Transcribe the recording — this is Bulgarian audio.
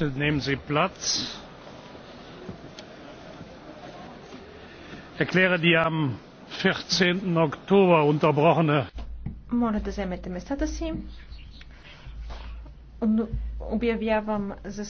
Bitte nehmen Sie Platz. Ich erkläre die am 14. Oktober unterbrochene. Моля заемете местата си. Обявявам за